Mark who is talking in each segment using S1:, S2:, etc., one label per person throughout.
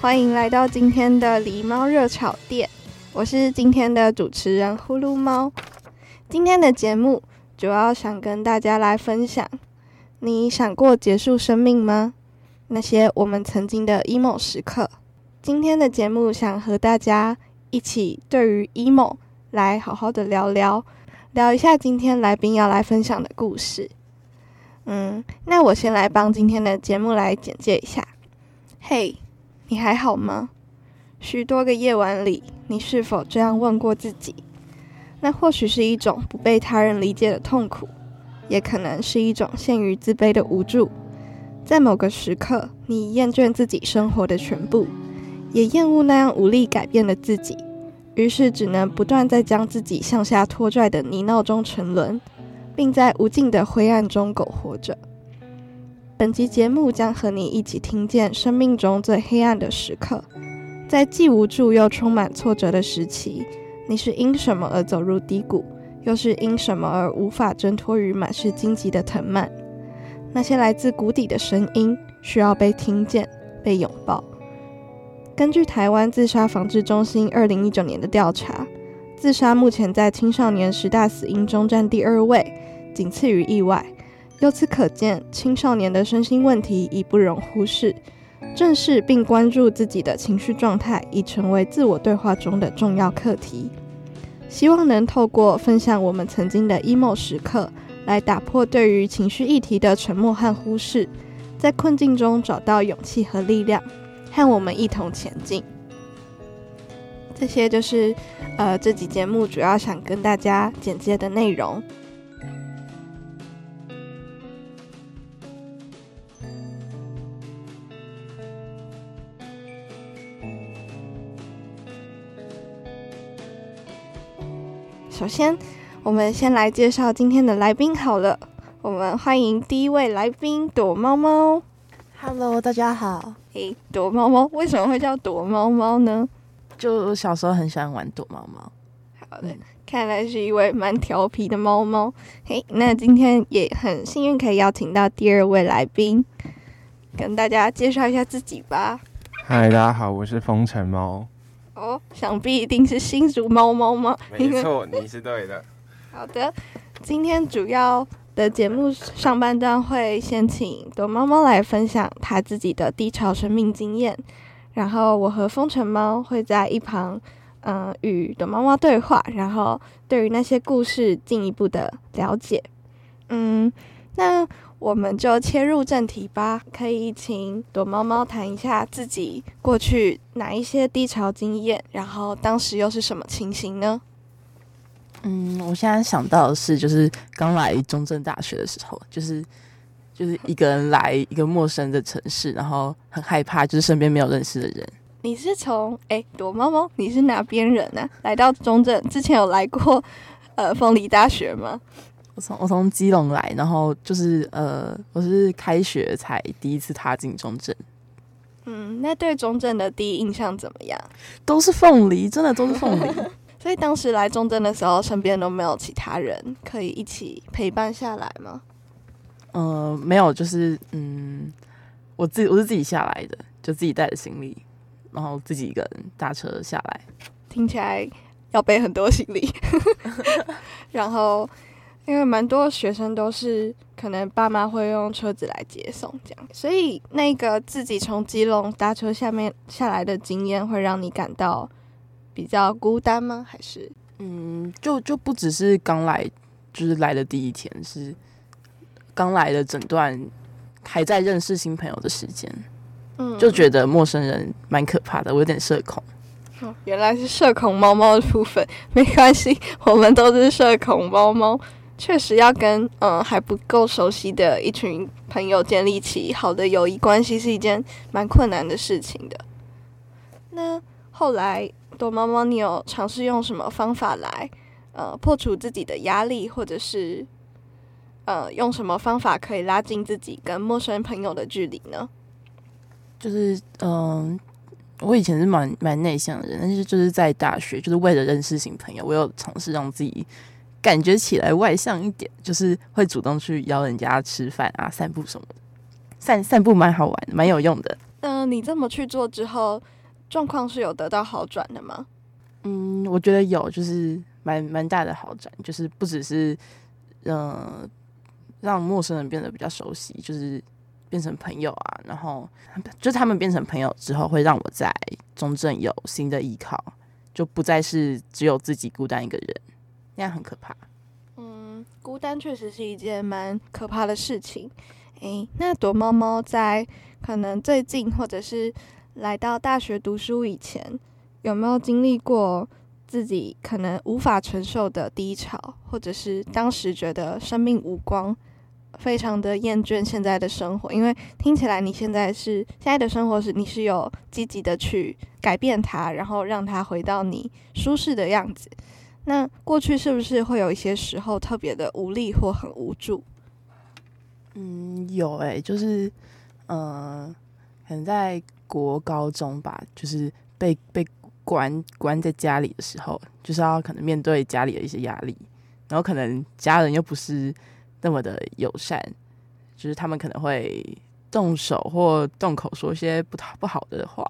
S1: 歡迎來到今天的梨貓熱吵店，我是今天的主持人呼嚕貓。今天的節目主要想跟大家來分享，你想過結束生命嗎？那些我們曾經的 emo 時刻。今天的節目想和大家一起對於 emo 來好好的聊聊，聊一下今天來賓要來分享的故事。嗯，那我先來幫今天的節目來簡介一下。嘿、hey! 你還好嗎？許多個夜晚裡，你是否這樣問過自己？那或許是一種不被他人理解的痛苦，也可能是一種陷於自卑的無助。在某個時刻，你厭倦自己生活的全部，也厭惡那樣無力改變的自己，於是只能不斷在將自己向下拖拽的泥淖中沉淪，並在無盡的灰暗中苟活着。本集節目將和你一起聽見生命中最黑暗的時刻，在既無助又充滿挫折的時期，你是因什麼而走入低谷，又是因什麼而無法掙脫於滿是荊棘的藤蔓？那些來自谷底的聲音，需要被聽見、被擁抱。根據台灣自殺防治中心二零一九年的調查，自殺目前在青少年十大死因中占第二位，僅次於意外。由此可見，青少年的身心問題已不容忽視。正視並關注自己的情緒狀態，已成為自我對話中的重要課題。希望能透過分享我們曾經的 emo 時刻，來打破對於情緒議題的沉默和忽視，在困境中找到勇氣和力量，和我們一同前進。這些就是呃，這集節目主要想跟大家簡介的內容。首先，我們先來介紹今天的來賓好了。我們歡迎第一位來賓——躲貓貓。Hello，大家好。嘿、hey,，躲貓貓為什麼會叫躲貓貓呢？就小時候很喜歡玩躲貓貓。好了，看來是一位蠻調皮的貓貓。嘿、hey,，那今天也很幸運可以邀請到第二位來賓，跟大家介紹一下自己吧。
S2: 嗨，大家好，我是風城貓。
S1: 哦，想必一定是新竹貓貓嗎？ 沒錯，你是對的。 好的，今天主要的節目上半段會先請躲貓貓來分享它自己的低潮生命經驗，然後我和風城貓會在一旁，嗯、呃，與躲貓貓對話，然後對於那些故事進一步的了解。嗯，那。我們就切入正題吧，可以請躲貓貓談一下自己過去哪一些低潮經驗，然後當時又是什麼情形呢？嗯，
S3: 我現在想到的是，就是剛來中正大學的時候，就是就是一個人來一個陌生的城市，然後很害怕，就是身邊沒有認識的人。
S1: 你是從哎、欸、躲貓貓，你是哪邊人呢、啊？來到中正之前有來過呃鳳梨大學嗎？我從我
S3: 從基隆來，然後就是呃，我是開學才第一次踏進中正。
S1: 嗯，那對中正的第一印象怎麼樣？
S3: 都是鳳梨，真的都
S1: 是鳳梨。 所以當時來中正的時候，身邊都沒有其他人可以一起陪伴下來嗎？
S3: 呃，沒有，就是嗯，我自我是自己下來的，就自己帶着行李，然後自己一個人搭車下來。
S1: 聽起來要背很多行李， 然後。因為蠻多學生都是可能爸媽會用車子來接送，這樣，所以那個自己從基隆搭車下面下來的經驗，會讓你感到比較孤單嗎？還是，
S3: 嗯，就就不只是剛來，就是來的第一天，是剛來的整段還在認識新朋友的時間，嗯，
S1: 就覺
S3: 得陌生人蠻可怕的，我有點社恐。
S1: 原來是社恐貓貓的部分，沒關係，我們都是社恐貓貓。確實要跟嗯還不夠熟悉的一群朋友建立起好的友誼關係，是一件蠻困難的事情的。那後來躲貓貓，你有嘗試用什麼方法來呃破除自己的壓力，或者是呃用什麼方法可以拉近自己跟陌生朋友的距離呢？
S3: 就是嗯、呃，我以前是蠻蠻內向的人，但是就是在大學，就是為了認識新朋友，我有嘗試讓自己。感覺起來外向一點，就是會主動去邀人家吃飯啊、散步什麼的。散散步蠻好玩的，蠻有用的。
S1: 嗯、呃，你這麼去做之後，狀況是有得到好轉的嗎？嗯，
S3: 我覺得有，就是蠻蠻大的好轉，就是不只是嗯、呃，讓陌生人變得比較熟悉，就是變成朋友啊。然後，就他們變成朋友之後，會讓我在中正有新的依靠，就不再是只有自己孤單一個人。那樣很可怕。
S1: 嗯，孤單確實是一件蠻可怕的事情。誒，那躲貓貓在可能最近或者是來到大學讀書以前，有沒有經歷過自己可能無法承受的低潮，或者是當時覺得生命無光，非常的厭倦現在的生活？因為聽起來你現在是現在的生活是你是有積極的去改變它，然後讓它回到你舒適的樣子。那過去是不是會有一些時候特別的無力或很無助？嗯，有哎、欸，就是，呃，
S3: 可能在國高中吧，就是被被關關在家裡的時候，就是要可能面對家裡的一些壓力，然後可能家人又不是那麼的友善，就是他們可能會動手或動口說一些不不好的話，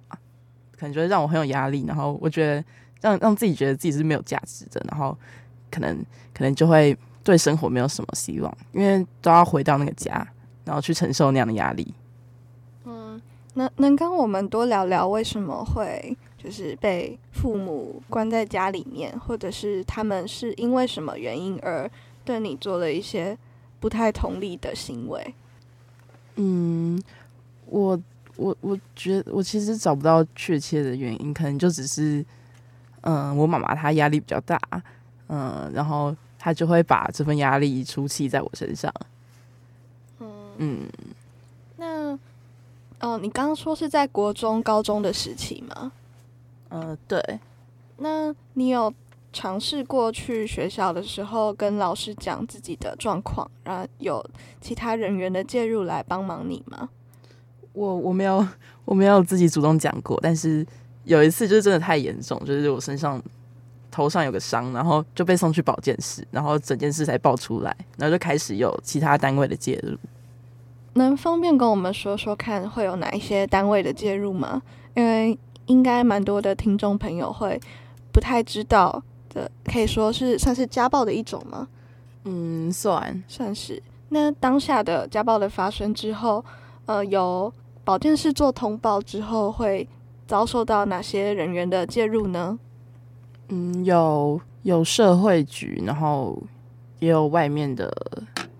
S3: 可能就會讓我很有壓力，然後我覺得。讓讓自己覺得自己是沒有價值的，然後可能可能就會對生活沒有什麼希望，因為都要回到那個家，然後去承受那樣的壓力。
S1: 嗯，那能跟我們多聊聊為什麼會就是被父母關在家裡面，或者是他們是因為什麼原因而對你做了一些不太同理的行為？
S3: 嗯，我我我覺我其實找不到確切的原因，可能就只是。嗯，我媽媽她壓力比較大，嗯，然後她就會把這份壓力出氣在我身上。
S1: 嗯，嗯，那哦、呃，你剛剛說是在國中、高中的時期嗎？嗯、呃，對。那你有嘗試過去學校的時候跟老師講自己的狀況，然後有其他人員的介入來幫忙你嗎？我我沒有，
S3: 我沒有自己主動講過，但是。有一次就是真的太嚴重，就是我身上頭上有個傷，然後就被送去保健室，然後整件事才爆出來，然後就開始有其他單位的介入。
S1: 能方便跟我們說說看會有哪一些單位的介入嗎？因為應該蠻多的聽眾朋友會不太知道的，可以說是算是家暴的一種嗎？嗯，算算是。那當下的家暴的發生之後，呃，有保健室做通報之後會。遭受到哪些人員的介入呢？嗯，
S3: 有有社會局，然後也有外面的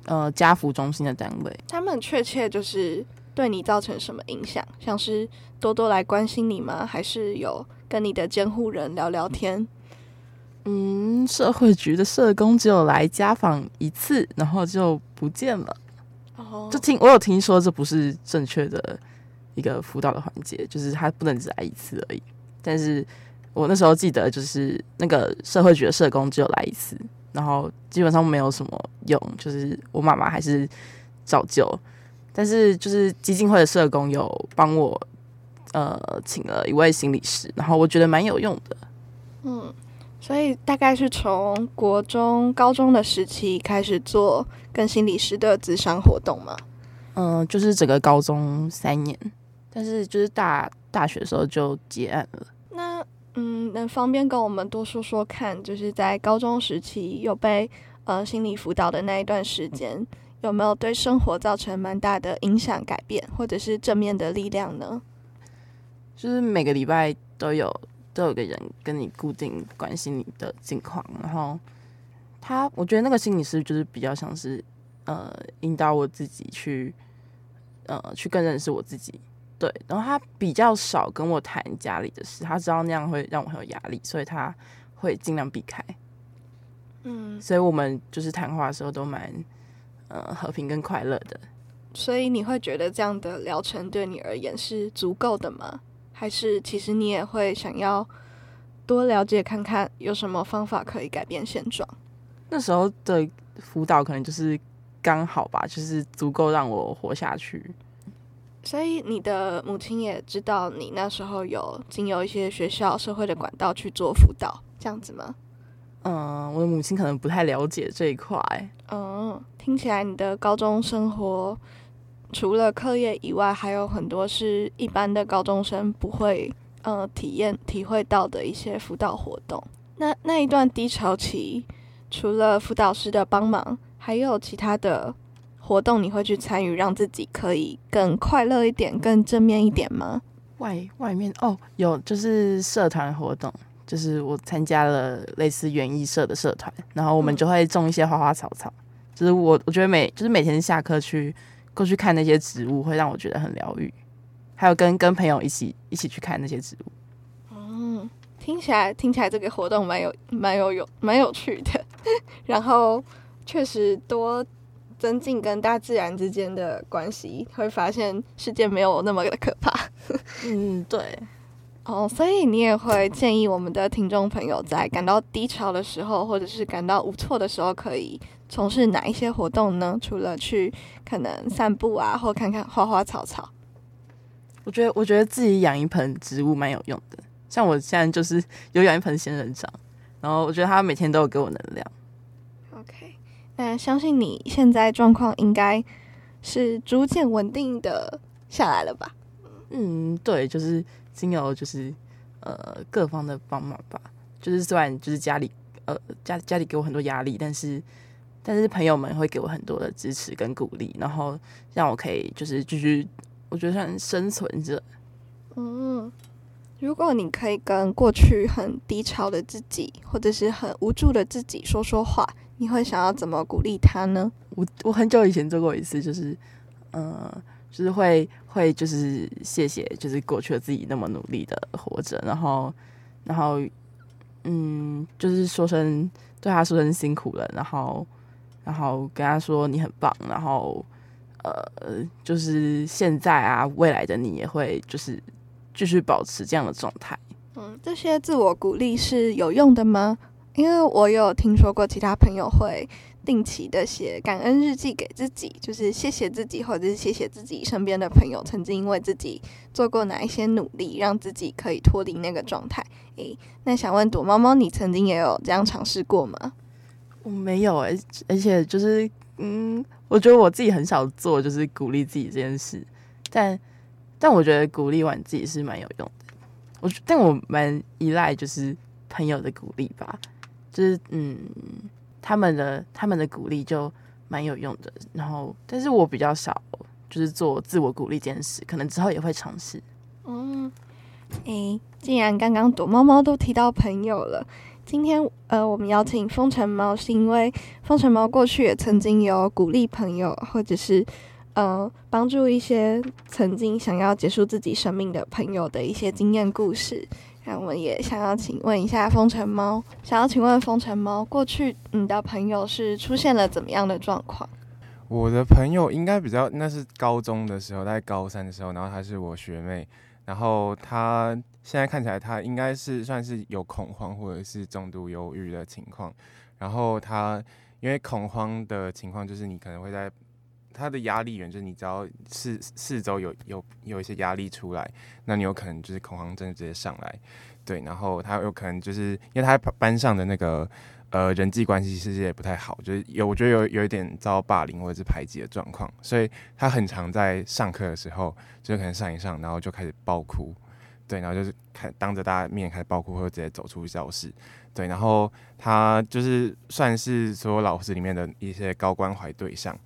S3: 呃家扶中心的單位。
S1: 他們確切就是對你造成什麼影響？像是多多來關心你嗎？還是有跟你的監護人聊聊天？
S3: 嗯，社會局的社工只有來家訪一次，然後就不見了。哦，oh，就聽我有聽說，這不是正確的一個輔導的環節，就是他不能只來一次而已。但是我那時候記得，就是那個社會局的社工只有來一次，然後基本上沒有什麼用，就是我媽媽還是照舊。但是就是基金會的社工有幫我呃請了一位心理師，然後我覺得蠻有用的。
S1: 嗯，所以大概是從國中、高中的時期開始做跟心理師的谘商活動嗎？
S3: 嗯，就是整個高中三年。
S1: 但是就是大
S3: 大學的時候就結案了。
S1: 那嗯，能方便跟我們多說說看，就是在高中時期有被呃心理輔導的那一段時間，有沒有對生活造成蠻大的影響、改變，或者是正面的力量呢？就
S3: 是每個禮拜都有都有個人跟你固定關心你的近況，然後他，我覺得那個心理師就是比較像是呃引導我自己去呃去更認識我自己。對，然後他比較少跟我談家裡的事，他知道那樣會讓我很有壓力，所以他會盡量避開。
S1: 嗯，所以
S3: 我們就是談話的時候都蠻呃和平跟快樂的。
S1: 所以你會覺得這樣的療程對你而言是足夠的嗎？還是其實你也會想要多了解看看有什麼方法可以改變現狀？
S3: 那時候的輔導可能就是剛好吧，就是足夠讓我活下去。
S1: 所以你的母親也知道你那時候有經由一些學校社會的管道去做輔導，這樣子嗎？嗯，
S3: 我的母親可能不太了解這一塊。
S1: 嗯，聽起來你的高中生活除了課業以外，還有很多是一般的高中生不會，呃，體驗、體會到的一些輔導活動。那那一段低潮期，除了輔導師的幫忙，還有其他的？活動你會去參與，讓自己可以更快樂一點、更正面一點嗎？外外面哦，
S3: 有就是社團活動，就是我參加了類似園藝社的社團，然後我們就會種一些花花草草。嗯、就是我我覺得每就是每天下課去過去看那些植物，會讓我覺得很療癒。還有跟跟朋友一起一起去看那些植物。
S1: 嗯，聽起來聽起來這個活動蠻有蠻有有蠻有趣的。 然後確實多。增進跟大自然之間的關係，會發現世界沒有那麼的可怕。 嗯，對。哦，所以你也會建議我們的聽眾朋友，在感到低潮的時候，或者是感到無措的時候，可以從事哪一些活動呢？除了去可能散步啊，或看看花花草草。我
S3: 覺得，我覺得自己養一盆植物蠻有用的。像我現在就是有養一盆仙人掌，然後我覺得它每天都有給我能量。
S1: 但相信你現在狀況應該是逐漸穩定的下來了吧？
S3: 嗯，對，就是經由就是呃各方的幫忙吧。就是雖然就是家裡呃家家裡給我很多壓力，但是但是朋友們會給我很多的支持跟鼓勵，然後讓我可以就是繼續我覺得算生存着。
S1: 嗯，如果你可以跟過去很低潮的自己或者是很無助的自己說說話。你會想要怎麼鼓勵他呢？我
S3: 我很久以前做過一次，就是，嗯、呃，就是會會就是謝謝，就是過去的自己那麼努力的活着，然後然後嗯，就是說聲對他說聲辛苦了，然後然後跟他說你很棒，然後呃就是現在啊未來的你也會就是繼續保持這樣的狀態。
S1: 嗯，這些自我鼓勵是有用的嗎？因為我有聽說過其他朋友會定期的寫感恩日記給自己，就是謝謝自己，或者是謝謝自己身邊的朋友曾經為自己做過哪一些努力，讓自己可以脫離那個狀態。誒，那想問躲貓貓，你曾經也有這樣嘗試過嗎？我沒有，而而且就是，
S3: 嗯，我覺得我自己很少做，就是鼓勵自己這件事。但但我覺得鼓勵完自己是蠻有用的。我但我蠻依賴就是朋友的鼓勵吧。就是嗯，他們的他們的鼓勵就蠻有用的，然後但是我比較少就是做自我鼓勵這件事，可能之後也會嘗試。
S1: 嗯，誒，既然剛剛躲貓貓都提到朋友了，今天呃，我們邀請風城貓是因為風城貓過去也曾經有鼓勵朋友或者是呃幫助一些曾經想要結束自己生命的朋友的一些經驗故事。那我們也想要請問一下風城貓，想要請問風城貓，過去你的朋友是出現了怎麼樣的狀況？
S2: 我的朋友應該比較那是高中的時候，在高三的時候，然後她是我學妹，然後她現在看起來她應該是算是有恐慌或者是重度憂鬱的情況，然後她因為恐慌的情況就是你可能會在。他的壓力源就是，你只要四四周有有有一些壓力出來，那你有可能就是恐慌症直接上來，對。然後他有可能就是因為他班上的那個呃人際關係其實也不太好，就是有我覺得有有一點遭霸凌或者是排擠的狀況，所以他很常在上課的時候就可能上一上，然後就開始爆哭，對，然後就是看當着大家面開始爆哭，或者直接走出教室，對。然後他就是算是所有老師裡面的一些高關懷對象。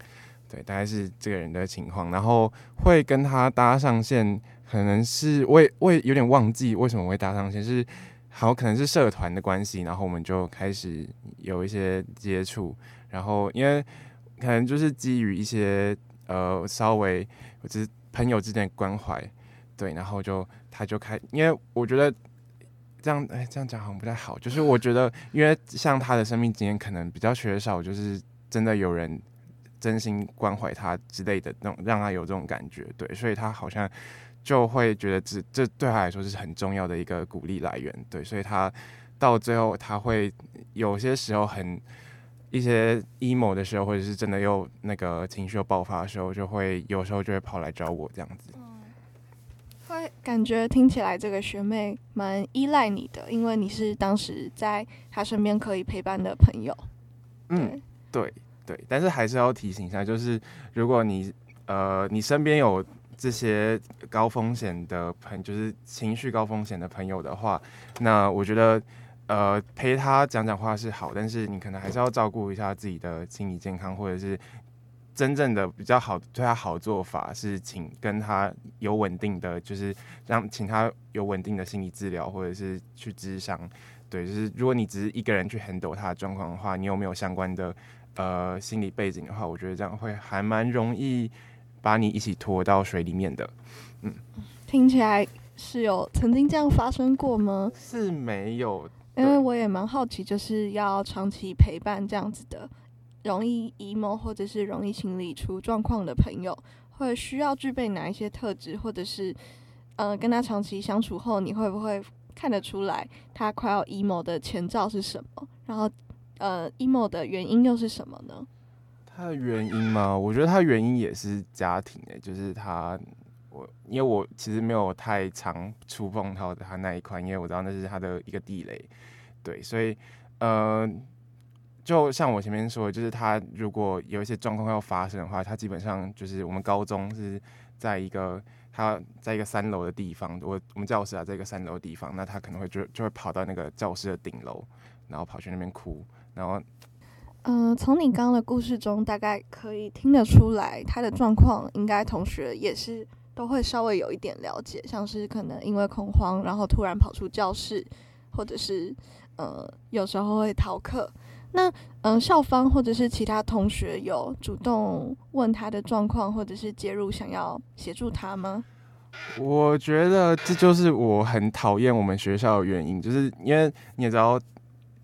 S2: 對，大概是這個人的情況，然後會跟他搭上線，可能是我也我也有點忘記為什麼會搭上線，是好像可能是社團的關係，然後我們就開始有一些接觸，然後因為可能就是基於一些呃稍微我只、就是朋友之間的關懷，對，然後就他就開，因為我覺得這樣哎這樣講好像不太好，就是我覺得因為像他的生命經驗可能比較缺少，就是真的有人。真心關懷他之類的那種，讓他有這種感覺，對，所以他好像就會覺得這這對他來說是很重要的一個鼓勵來源，對，所以他到最後他會有些時候很一些 emo 的時候，或者是真的又那個情緒又爆發的時候，就會有時候就會跑來找我這樣子。
S1: 會感覺聽起來這個學妹蠻依賴你的，因為你是當時在她身邊可以陪伴的朋友。嗯，
S2: 對。對，但是還是要提醒一下，就是如果你呃，你身邊有這些高風險的朋，就是情緒高風險的朋友的話，那我覺得呃，陪他講講話是好，但是你可能還是要照顧一下自己的心理健康，或者是真正的比較好對他好做法是請跟他有穩定的，就是讓請他有穩定的心理治療，或者是去諮商。對，就是如果你只是一個人去 handle 他的狀況的話，你有沒有相關的？呃，心理背景的話，我覺得這樣會還蠻容易把你一起拖到水裡面的。
S1: 嗯，聽起來是有曾經這樣發生過嗎？是沒有，因為我也蠻好奇，就是要長期陪伴這樣子的，容易 emo 或者是容易心理出狀況的朋友，會需要具備哪一些特質，或者是，呃，跟他長期相處後，你會不會看得出來他快要 emo 的前兆是什麼？然後。呃，emo 的原因又是什麼呢？
S2: 他的原因嗎？我覺得他的原因也是家庭誒、欸，就是他我因為我其實沒有太常觸碰到他那一塊，因為我知道那是他的一個地雷，對，所以呃，就像我前面說的，就是他如果有一些狀況要發生的話，他基本上就是我們高中是在一個他在一個三樓的地方，我我們教室啊在一個三樓的地方，那他可能就會就就會跑到那個教室的頂樓，然後跑去那邊哭。然後、
S1: 呃，嗯，從你剛剛的故事中，大概可以聽得出來，他的狀況，應該同學也是都會稍微有一點了解，像是可能因為恐慌，然後突然跑出教室，或者是，呃，有時候會逃課。那，嗯、呃，校方或者是其他同學有主動問他的狀況，或者是介入想要協助他嗎？
S2: 我覺得這就是我很討厭我們學校的原因，就是因為你知道。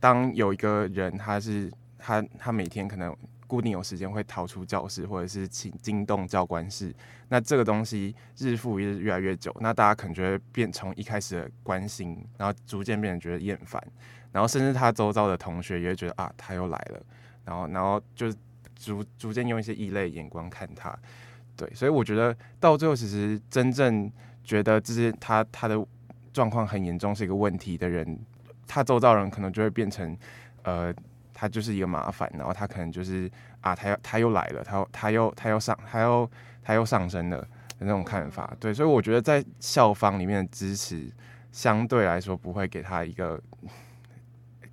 S2: 當有一個人他，他是他他每天可能固定有時間會逃出教室，或者是請驚動教官室，那這個東西日復一日，越來越久，那大家可能覺得變從一開始的關心，然後逐漸變得覺得厭煩，然後甚至他周遭的同學也覺得，啊他又來了，然後然後就逐逐漸用一些異類的眼光看他，對，所以我覺得到最後其實真正覺得這是他他的狀況很嚴重是一個問題的人。他周遭人可能就會變成，呃，他就是一個麻煩，然後他可能就是啊，他又他又來了，他他又他又，他又上，他又他又上升了的那種看法。對，所以我覺得在校方裡面的支持相對來說不會給他一個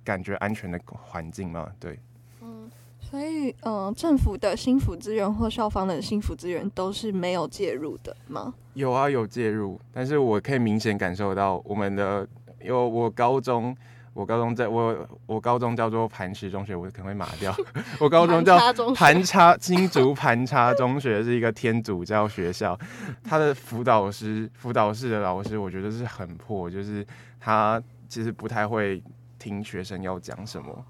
S2: 感覺安全的環境嘛。對，嗯，
S1: 所以嗯、呃，政府的心輔資源或校方的心輔資源都是沒有介入的嗎？
S2: 有啊，有介入，但是我可以明顯感受到我們的。因為我高中，我高中在我我高中叫做磐石中學，我可能會麻掉。我高中叫磐石新竹磐石中學 是一個天主教學校，他的輔導師輔導室的老師，我覺得是很破，就是他其實不太會聽學生要講什麼，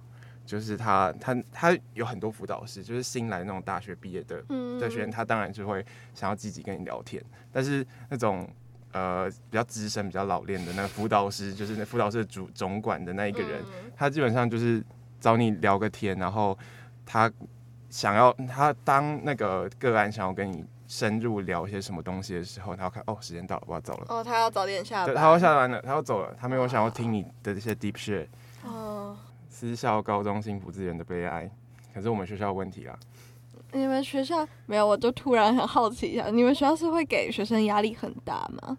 S2: 就是他他他有很多輔導師，就是新來那種大學畢業的的學生他當然就會想要積極跟你聊天，但是那種。呃，比較資深、比較老練的那個輔導師，就是那輔導室主總管的那一個人，嗯，他基本上就是找你聊個天，然後他想要他當那個個案想要跟你深入聊一些什麼東西的時候，他要看哦，時間到了，我要走了。哦，
S1: 他要早點下班，
S2: 對，他要下班了，他要走了，他沒有想要聽你的這些 deep shit 哦，私校高中幸福資源的悲哀，可是我們學校有問題啊。
S1: 你們學校沒有，我就突然很好奇一下，你們學校是會給學生壓力很大嗎？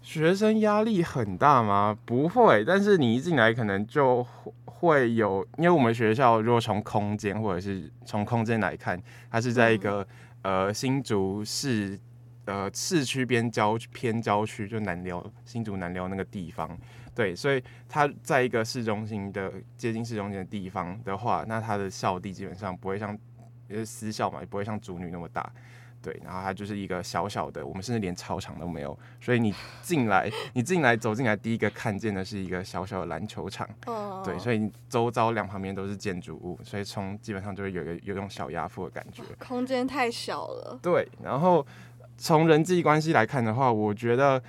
S2: 學生壓力很大嗎？不會，但是你一進來可能就會有，因為我們學校如果從空間或者是從空間來看，它是在一個、嗯、呃新竹市呃市區邊郊偏郊區，就南寮新竹南寮那個地方，對，所以它在一個市中心的接近市中心的地方的話，那它的校地基本上不會像。也、就是私校嘛，也不會像竹女那麼大，對。然後它就是一個小小的，我們甚至連操場都沒有，所以你進來，你進來走進來，第一個看見的是一個小小的籃球場，oh. 對。所以周遭兩旁邊都是建築物，所以從基本上就是有一個有一種小壓迫的感覺。Oh.
S1: 空間太小了。
S2: 對。然後從人際關係來看的話，我覺得，誒、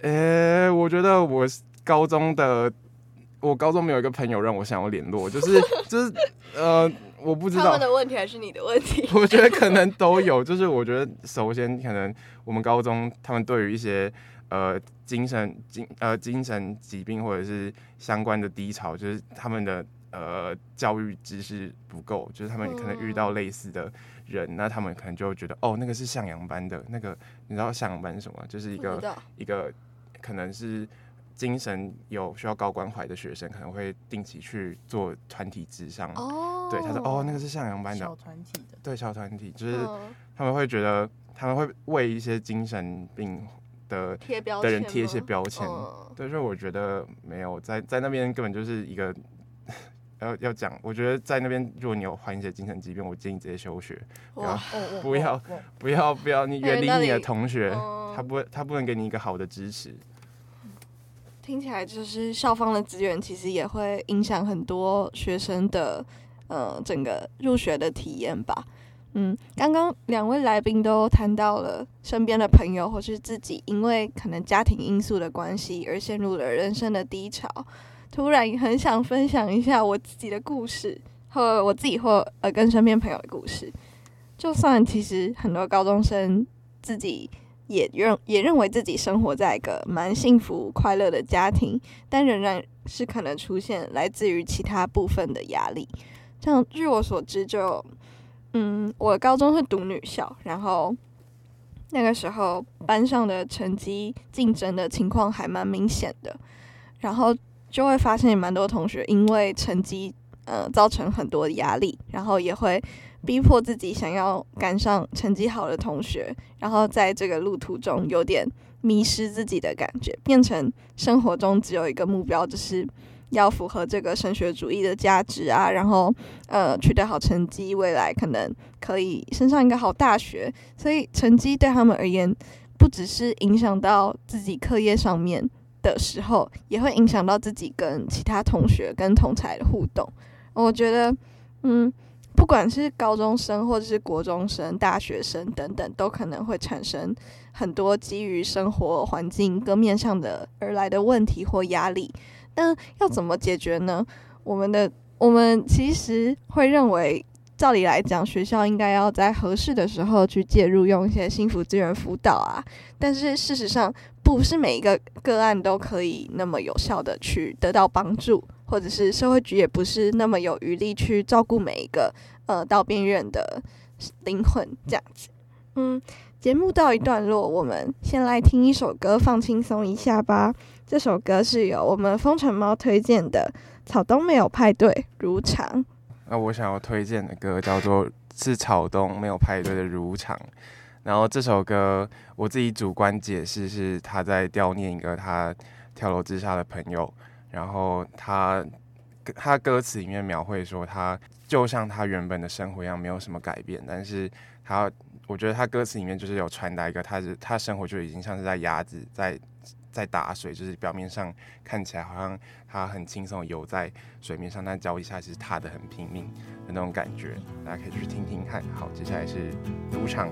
S2: 欸，我覺得我高中的我高中沒有一個朋友讓我想要聯絡，就是
S1: 就是
S2: 呃。我不知道他們的
S1: 問題還是你的問題？ 我覺得可能
S2: 都有，就是我覺得首先可能我們高中他們對於一些呃精神精呃精神疾病或者是相關的低潮，就是他們的呃教育知識不夠，就是他們可能遇到類似的人，嗯。那他們可能就覺得哦，那個是向陽班的那個，你知道向陽班是什麼？就是一個一個可能是。精神有需要高關懷的學生，可能會定期去做團體諮商。哦、oh,，對，他說，哦，那個是向陽班長。小團體的，對，小團體就是他們會覺得，他們會為一些精神病的貼標籤的人貼一些標籤。所以我覺得沒有在在那邊根本就是一個 要要講。我覺得在那邊，如果你有患一些精神疾病，我建議直接休學，有有哦、不要、哦、不要、哦、不要不要,不要,不要你遠離你的同學，他不、嗯、他不能給你一個好的支
S1: 持。聽起來就是校方的資源其實也會影響很多學生的呃整個入學的體驗吧。嗯，剛剛兩位來賓都談到了身邊的朋友或是自己因為可能家庭因素的關係而陷入了人生的低潮。突然也很想分享一下我自己的故事和我自己或呃跟身邊朋友的故事，就算其實很多高中生自己。也認也認為自己生活在一個蠻幸福快樂的家庭，但仍然是可能出現來自於其他部分的壓力。像據我所知就、就嗯，我高中是讀女校，然後那個時候班上的成績競爭的情況還蠻明顯的，然後就會發現蠻多同學因為成績呃造成很多壓力，然後也會。逼迫自己想要趕上成績好的同學，然後在這個路途中有點迷失自己的感覺，變成生活中只有一個目標，就是要符合這個升學主義的價值啊。然後，呃，取得好成績，未來可能可以升上一個好大學。所以，成績對他們而言，不只是影響到自己課業上面的時候，也會影響到自己跟其他同學、跟同儕的互動。我覺得，嗯。不管是高中生或者是國中生、大學生等等，都可能會產生很多基於生活環境各面上的而來的問題或壓力。那要怎麼解決呢？我們的我們其實會認為，照理來講，學校應該要在合適的時候去介入，用一些幸福資源輔導啊。但是事實上，不是每一個個案都可以那麼有效的去得到幫助。或者是社會局也不是那麼有餘力去照顧每一個呃到邊緣的靈魂這樣子。嗯，節目到一段落，我們先來聽一首歌，放輕鬆一下吧。這首歌是由我們風城貓推薦的《草東沒有派對·如常》。
S2: 那我想要推薦的歌叫做《是草東沒有派對的如常》，然後這首歌我自己主觀解釋是他在悼念一個他跳樓自殺的朋友。然後他，他歌詞裡面描繪說，他就像他原本的生活一樣，沒有什麼改變。但是他，我覺得他歌詞裡面就是有傳達一個，他是他生活就已經像是在鴨子在在打水，就是表面上看起來好像他很輕鬆游在水面上，但腳底下其實踏得很拼命的那種感覺。大家可以去聽聽看。好，接下來是賭場。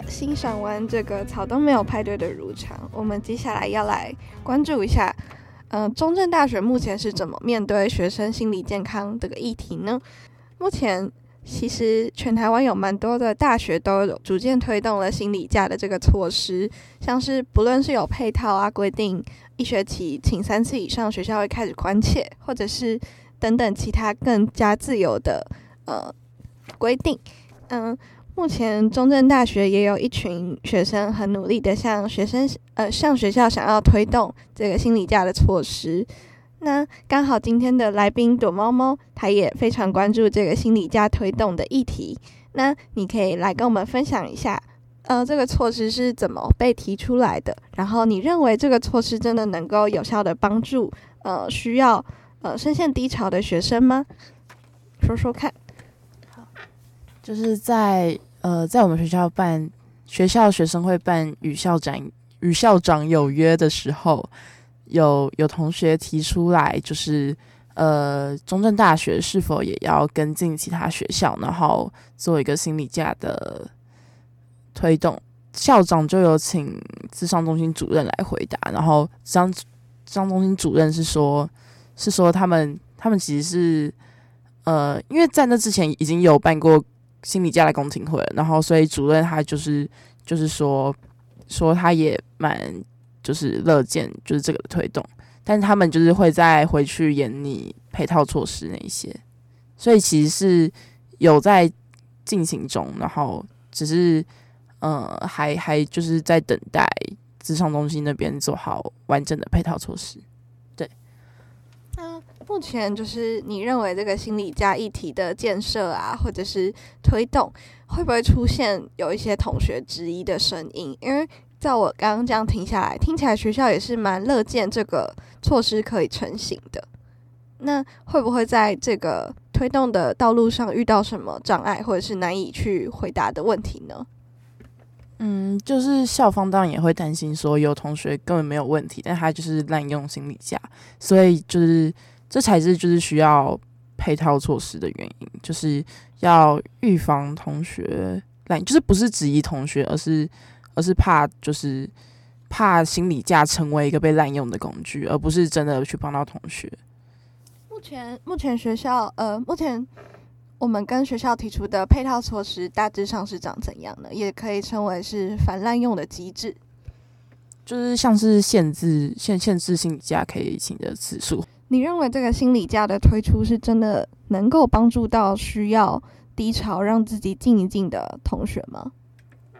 S1: 的欣賞完這個草東沒有派對的如常，我們接下來要來關注一下，嗯、呃，中正大學目前是怎麼面對學生心理健康這個議題呢？目前其實全台灣有蠻多的大學都逐漸推動了心理假的這個措施，像是不論是有配套啊，規定一學期請三次以上，學校會開始關切，或者是等等其他更加自由的呃規定，嗯、呃。目前，中正大學也有一群學生很努力的向學生呃向學校想要推動這個心理假的措施。那剛好今天的來賓躲貓貓，他也非常關注這個心理假推動的議題。那你可以來跟我們分享一下，呃，這個措施是怎麼被提出來的？然後你認為這個措施真的能夠有效的幫助呃需要呃深陷低潮的學生嗎？說說看。好，
S3: 就是在。呃，在我們學校辦學校學生會辦與校長與校長有約的時候，有有同學提出來，就是呃，中正大學是否也要跟進其他學校，然後做一個心理假的推動？校長就有請諮商中心主任來回答。然後張張中心主任是說，是說他們他們其實是呃，因為在那之前已經有辦過。心理假的公聽會了，然後所以主任他就是就是說，說他也蠻就是樂見就是這個推動，但他們就是會再回去研擬配套措施那一些，所以其實是有在進行中，然後只是呃還還就是在等待諮商中心那邊做好完整的配套措施。
S1: 目前就是你認為這個心理假議題的建設啊，或者是推動，會不會出現有一些同學質疑的聲音？因為照我剛剛這樣聽下來，聽起來學校也是蠻樂見這個措施可以成型的。那會不會在這個推動的道路上遇到什麼障礙，或者是難以去回答的問題呢？嗯，
S3: 就是校方當然也會擔心，說有同學根本沒有問題，但他就是濫用心理假，所以就是。這才是就是需要配套措施的原因，就是要預防同學濫，就是不是質疑同學，而是而是怕就是怕心理假成為一個被濫用的工具，而不是真的去幫到同學。
S1: 目前目前學校呃，目前我們跟學校提出的配套措施大致上是長怎樣呢？也可以稱為是反濫用的機制，
S3: 就是像是限制限限制心理假可以請的次數，
S1: 你認為這個心理假的推出是真的能夠幫助到需要低潮讓自己靜一靜的同學嗎？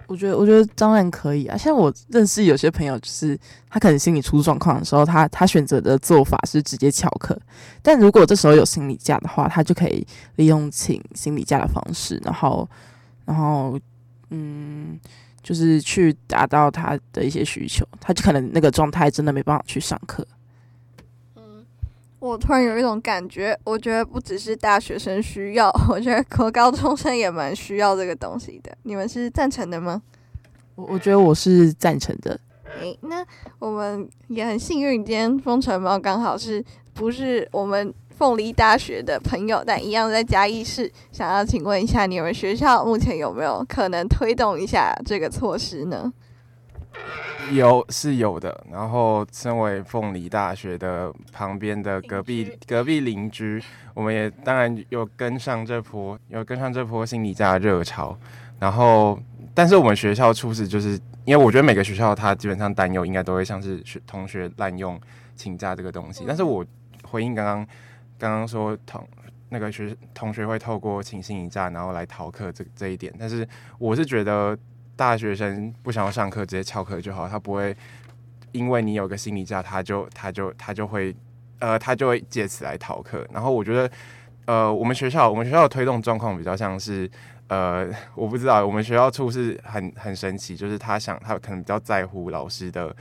S3: 我覺得，我覺得當然可以啊。像我認識有些朋友，就是他可能心理出狀況的時候，他他選擇的做法是直接翹課。但如果這時候有心理假的話，他就可以利用請心理假的方式，然後，然後，嗯，就是去達到他的一些需求。他就可能那個狀態真的沒辦法去上課。
S1: 我突然有一種感覺，我覺得不只是大學生需要，我覺得國高中生也蠻需要這個東西的。你們是贊成的嗎？我我覺得我是贊成的。哎、欸，那我們也很幸運，今天風城貓，剛好是不是我們鳳梨大學的朋友，但一樣在嘉義市。想要請問一下，你們學校目前有沒有可能推動一下這個措施呢？
S2: 有是有的，然後身為鳳梨大學的旁邊的隔壁隔壁鄰居，我們也當然有跟上這波有跟上這波心理假熱潮。然後，但是我們學校出事，就是因為我覺得每個學校它基本上擔憂應該都會像是學同學濫用請假這個東西。但是我回應剛剛剛剛說同那個學同學會透過請心理假然後來逃課這這一點，但是我是覺得。大學生不想要上課，直接翹課就好。他不會因為你有個心理假，他就他就他就會呃，他就會借此來逃課。然後我覺得呃，我們學校我們學校的推動狀況比較像是呃，我不知道我們學校處是很很神奇，就是他想他可能比較在乎老師的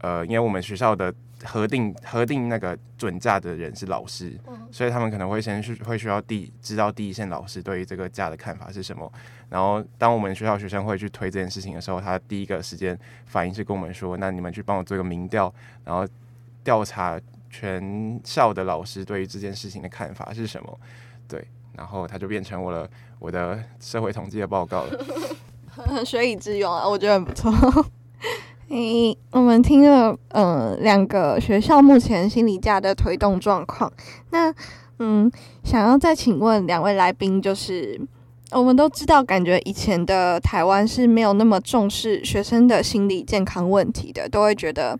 S2: 呃，因為我們學校的核定核定那個准假的人是老師，所以他們可能會先去會需要第知道第一線老師對於這個假的看法是什麼。然後，當我們學校學生會去推這件事情的時候，他第一個時間反應是跟我們說：“那你們去幫我做一個民調，然後調查全校的老師對於這件事情的看法是什麼？”對，然後他就變成我的我的社會統計的報告了。
S1: 學 以致用啊，我覺得很不錯。 欸、我們聽了嗯、呃、兩個學校目前心理假的推動狀況，那嗯，想要再請問兩位來賓就是。我們都知道，感覺以前的台灣是沒有那麼重視學生的心理健康問題的，都會覺得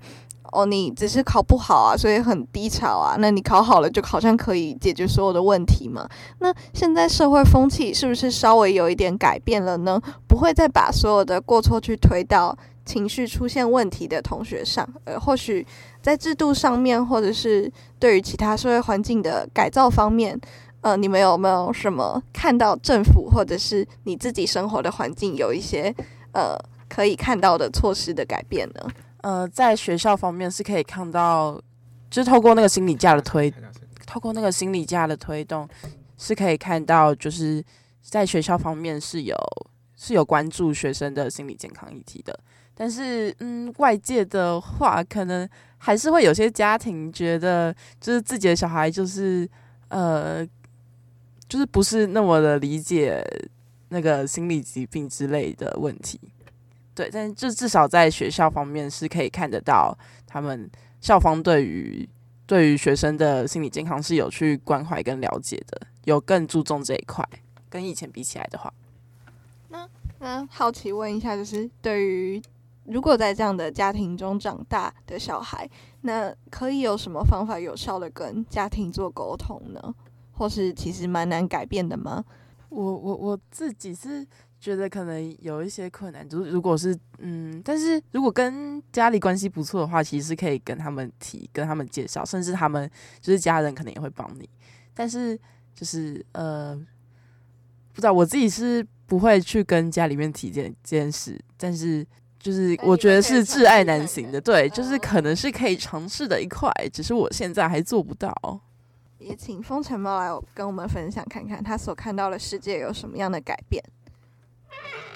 S1: 哦，你只是考不好啊，所以很低潮啊。那你考好了，就好像可以解決所有的問題嘛？那現在社會風氣是不是稍微有一點改變了呢？不會再把所有的過錯去推到情緒出現問題的同學上，呃，或許在制度上面，或者是對於其他社會環境的改造方面。呃，你們有沒有什麼看到政府或者是你自己生活的環境有一些呃可以看到的措施的改變呢？
S3: 呃，在學校方面是可以看到，就是透過那個心理假的推，透過那個心理假的推動，是可以看到，就是在學校方面是有是有關注學生的心理健康議題的。但是，嗯，外界的話，可能還是會有些家庭覺得，就是自己的小孩就是呃。就是不是那麼的理解那個心理疾病之類的問題，對，但是至少在學校方面是可以看得到，他們校方對於對於學生的心理健康是有去關懷跟了解的，有更注重這一塊，跟以前比起來的話。
S1: 那那好奇問一下，就是對於如果在這樣的家庭中長大的小孩，那可以有什麼方法有效的跟家庭做溝通呢？或是其實蠻難改變的嗎？我我我
S3: 自己是覺得可能有一些困難，就是如果是嗯，
S1: 但是如果跟
S3: 家裡關係不錯的話，其實是可以跟他們提，跟他們介紹，甚至他們就是家人可能也會幫你。但是就是呃，不知道，我自己是不會去跟家裡面提這這件事，但是就是我覺得是窒礙難行的，對，就是可能是可以嘗試的一塊，只是我現在還做不到。
S1: 也請風城貓來跟我們分享，看看他所看到的世界有什麼樣的改變。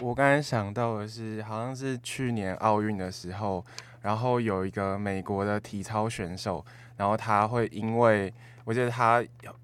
S2: 我剛才想到的是，好像是去年奧運的時候，然後有一個美國的體操選手，然後他會因為，我覺得他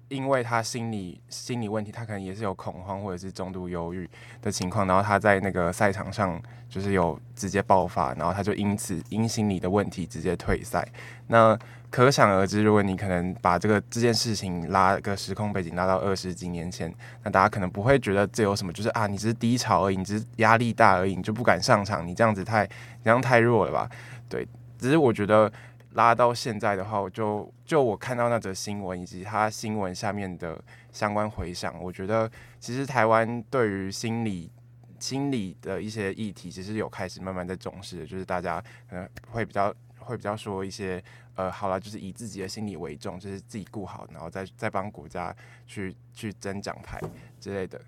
S2: 因為他心理心理問題，他可能也是有恐慌或者是中度憂鬱的情況，然後他在那個賽場上就是有直接爆發，然後他就因此因心理的問題直接退賽。那可想而知，如果你可能把這個這件事情拉個時空背景拉到二十幾年前，那大家可能不會覺得這有什麼，就是啊，你只是低潮而已，你只是壓力大而已，你就不敢上場，你這樣子太，你這樣太弱了吧？對，只是我覺得拉到現在的話，我就就我看到那則新聞以及它新聞下面的相關回響，我覺得其實台灣對於心理心理的一些議題，其實有開始慢慢在重視，就是大家可能會比較。會比較說一些，呃，好了，就是以自己的心理為重，就是自己顧好，然後再再幫國家去去爭獎牌之類的。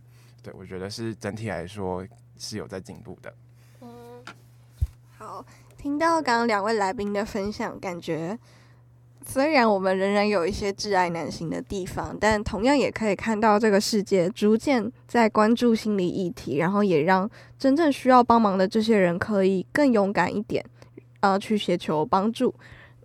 S2: 對，我覺得是整體來說是有在進步的。嗯，
S1: 好，聽到剛剛兩位來賓的分享，感覺雖然我們仍然有一些窒礙難行的地方，但同樣也可以看到這個世界逐漸在關注心理議題，然後也讓真正需要幫忙的這些人可以更勇敢一點。呃，去尋求幫助。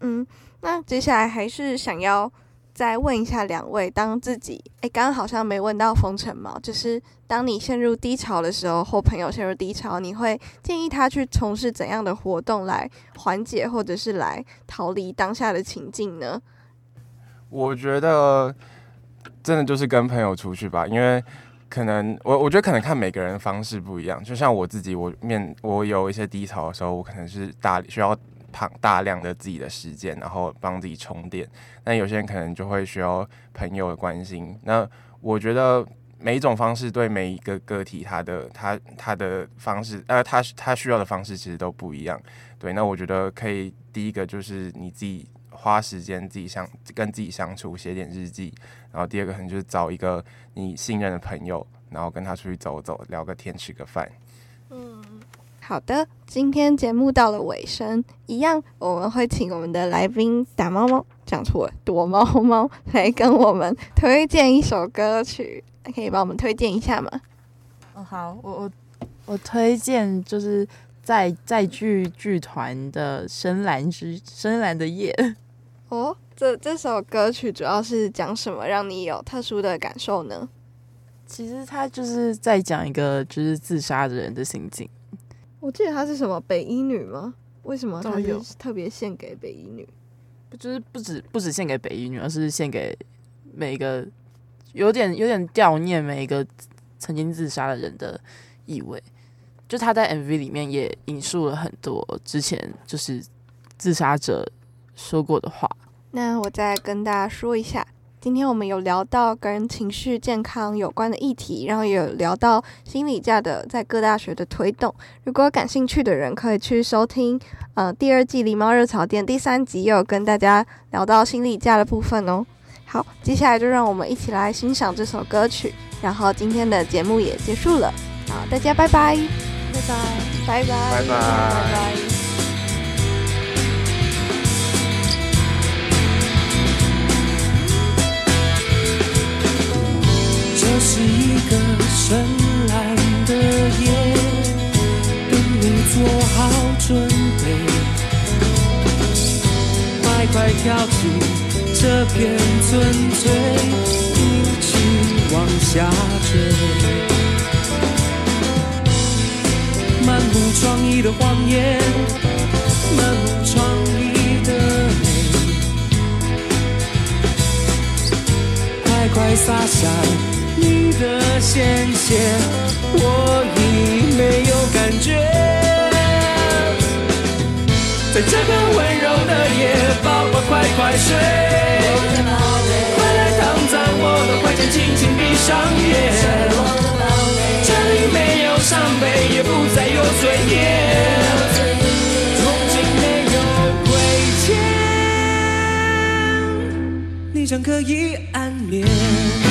S1: 嗯，那接下來還是想要再問一下兩位，當自己哎，剛剛好像沒問到風城貓嘛？就是當你陷入低潮的時候，或朋友陷入低潮，你會建議他去從事怎樣的活動來緩解，或者是來逃離當下的情境呢？
S2: 我覺得，真的就是跟朋友出去吧，因為可能我我覺得可能看每個人的方式不一樣，就像我自己，我面我有一些低潮的時候，我可能是大需要胖大量的自己的時間，然後幫自己充電。那有些人可能就會需要朋友的關心。那我覺得每一種方式對每一個個體他，他的他他的方式，呃，他他需要的方式其實都不一樣。對，那我覺得可以第一個就是你自己。花時間自己相跟自己相處，寫點日記。然後第二個可能就是找一個你信任的朋友，然後跟他出去走走，聊個天，吃個飯。
S1: 嗯，好的，今天節目到了尾聲，一樣我們會請我們的來賓打貓貓，講出了躲貓貓來跟我們推薦一首歌曲，可以幫我們推薦一下嗎？哦，好，我我
S3: 我推薦就是再拒再拒劇團的深藍之深藍的夜。
S1: 哦，這這首歌曲主要是講什麼？讓你有特殊的感受呢？其實他就是
S3: 在講一個就是自殺的人的心境。
S1: 我記得他是什麼北一女嗎？為什麼他是特別獻給北一女？不，就是
S3: 不止不止獻給北一女，而是獻給每一個有點有點悼念每一個曾經自殺的人的意味。就他在 MV 裡面也引述了很多之前就是自殺者。說過的話，
S1: 那我再跟大家說一下，今天我們有聊到跟情緒健康有關的議題，然後也有聊到心理假的在各大學的推動。如果感興趣的人可以去收聽，呃，第二季《梨貓熱吵店》第三集也有跟大家聊到心理假的部分哦。好，接下來就讓我們一起來欣賞這首歌曲，然後今天的節目也結束了。好，大家拜拜，拜拜，拜拜，拜拜。拜拜。
S3: 是一個深藍的夜，等你做好準備，快快跳起這片純粹，一起往下墜。漫無創意的謊言，漫無創意的美，
S2: 快快灑下。的鮮血，
S3: 我已沒有感覺。在這個溫柔的夜，寶寶快快睡。快來躺在我的懷間，輕輕閉上眼。這
S2: 裡沒有傷悲，也不再有罪孽。不再有罪孽，從今沒有虧欠。你將可以安眠。